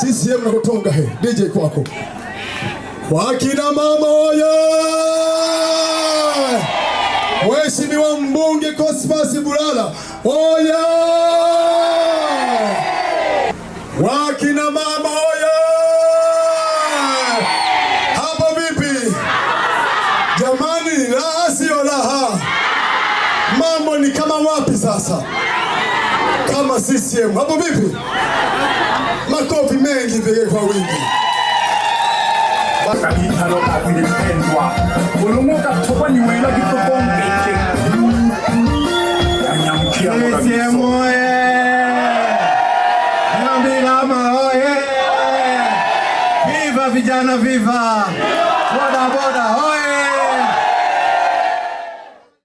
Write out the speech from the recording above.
CCM na kutonga he DJ kwako wakina mama oyo Mheshimiwa mbunge Cosmas Bulala oya! Wakina mama oya! Hapo vipi jamani? Raha sio raha, mambo ni kama wapi sasa? Kama CCM. Hapo vipi? Makofi mengi vile kwa wingi kabisa, mpendwa kulunguka kutoka ni wela kitobonge CCM oye! Nyambigama oye! Viva vijana, viva bodaboda oye!